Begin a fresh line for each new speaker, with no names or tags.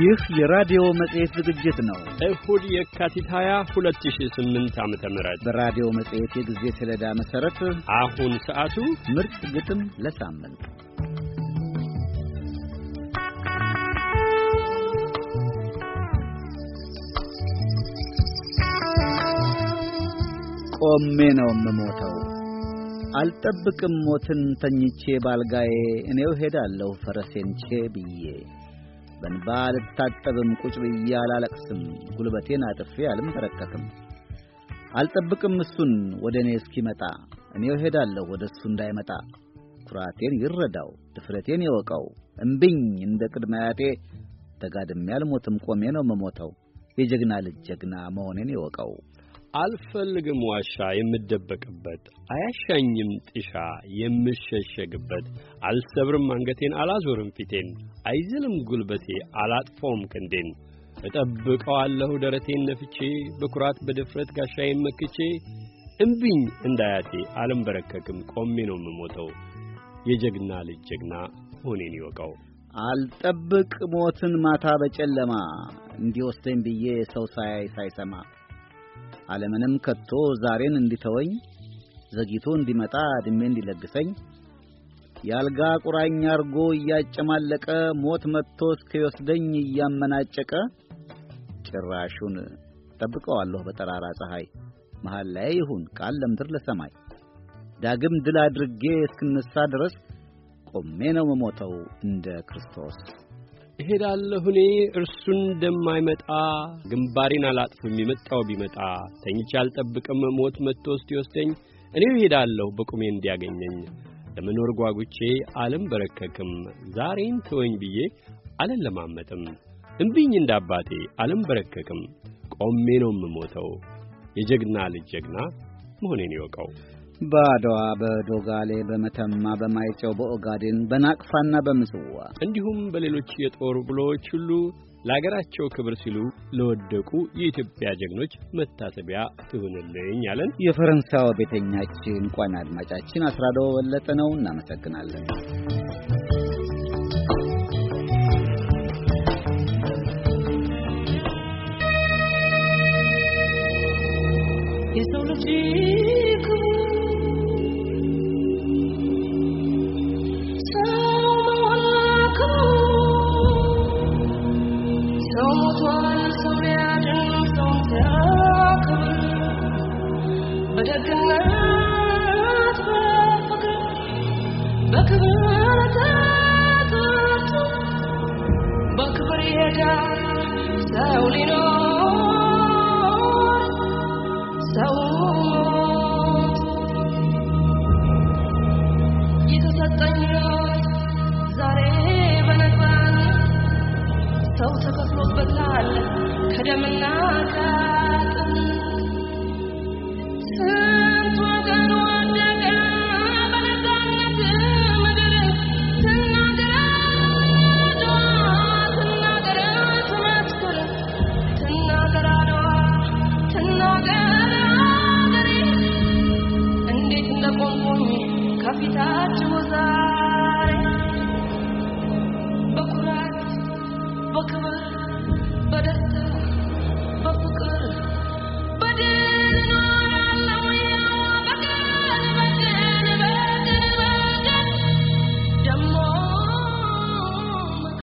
ይህ የራዲዮ መጽሔት ዝግጅት ነው።
እሁድ የካቲት 20 2008 ዓ ም በራዲዮ መጽሔት የጊዜ ሰሌዳ መሠረት አሁን ሰዓቱ ምርጥ
ግጥም ለሳምንት ቆሜ ነው የምሞተው አልጠብቅም ሞትን ተኝቼ ባልጋዬ እኔው ሄዳለሁ ፈረሴንቼ ብዬ በንባ አልታጠብም፣ ቁጭ ብዬ አላለቅስም፣ ጉልበቴን አጥፌ አልንበረከክም። አልጠብቅም እሱን ወደ እኔ እስኪመጣ፣ እኔው እሄዳለሁ ወደ እሱ እንዳይመጣ። ኩራቴን ይረዳው፣ ድፍረቴን ይወቀው፣ እምቢኝ እንደ ቅድመ አያቴ ተጋድሜ አልሞትም፣ ቆሜ ነው መሞተው። የጀግና ልጅ ጀግና መሆኔን ይወቀው።
አልፈልግም ዋሻ የምደበቅበት አያሻኝም ጥሻ የምሸሸግበት አልሰብርም አንገቴን አላዞርም ፊቴን አይዝልም ጉልበቴ አላጥፎም ክንዴን እጠብቀዋለሁ ደረቴን ነፍቼ በኩራት በድፍረት ጋሻዬን መክቼ እምቢኝ እንዳያቴ አልንበረከክም ቆሜ ነው የምሞተው የጀግና ልጅ ጀግና ሆኔን ይወቀው አልጠብቅ ሞትን
ማታ በጨለማ እንዲወስደኝ ብዬ ሰው ሳያይ ሳይሰማ ዓለምንም ከቶ ዛሬን እንዲተወኝ ዘግይቶ እንዲመጣ ዕድሜ እንዲለግሰኝ የአልጋ ቁራኛ አርጎ እያጨማለቀ ሞት መጥቶ እስኪወስደኝ እያመናጨቀ ጭራሹን ጠብቀዋለሁ በጠራራ ፀሐይ መሃል ላይ ይሁን ቃል ለምድር ለሰማይ ዳግም ድል አድርጌ እስክነሳ ድረስ ቆሜ ነው መሞተው እንደ ክርስቶስ።
እሄዳለሁኔ እርሱን እንደማይመጣ ግንባሬን አላጥፍም የመጣው ቢመጣ ተኝቼ አልጠብቅም ሞት መጥቶ እስኪወስደኝ እኔው እሄዳለሁ በቁሜ እንዲያገኘኝ ለመኖር ጓጉቼ በረከክም ዛሬን ተወኝ ብዬ አለን ለማመጥም እምቢኝ እንዳባቴ በረከክም ቆሜ ነው የምሞተው የጀግና ልጅ ጀግና መሆኔን ይወቀው በአድዋ በዶጋሌ በመተማ
በማይጨው በኦጋዴን በናቅፋና በምጽዋ
እንዲሁም በሌሎች የጦር ብሎዎች ሁሉ ለአገራቸው ክብር ሲሉ ለወደቁ የኢትዮጵያ ጀግኖች መታሰቢያ ትሁንልኝ
አለን። የፈረንሳው ቤተኛችን ቋና አድማጫችን አስራደ በለጠ ነው። እናመሰግናለን።
በደግነት በፍቅር በክብር ሰው ሰው የተሰጠኝ ዛሬ ሰው ተከፍሎበታል ከደምና ogni capitaggio usare. Bocurati,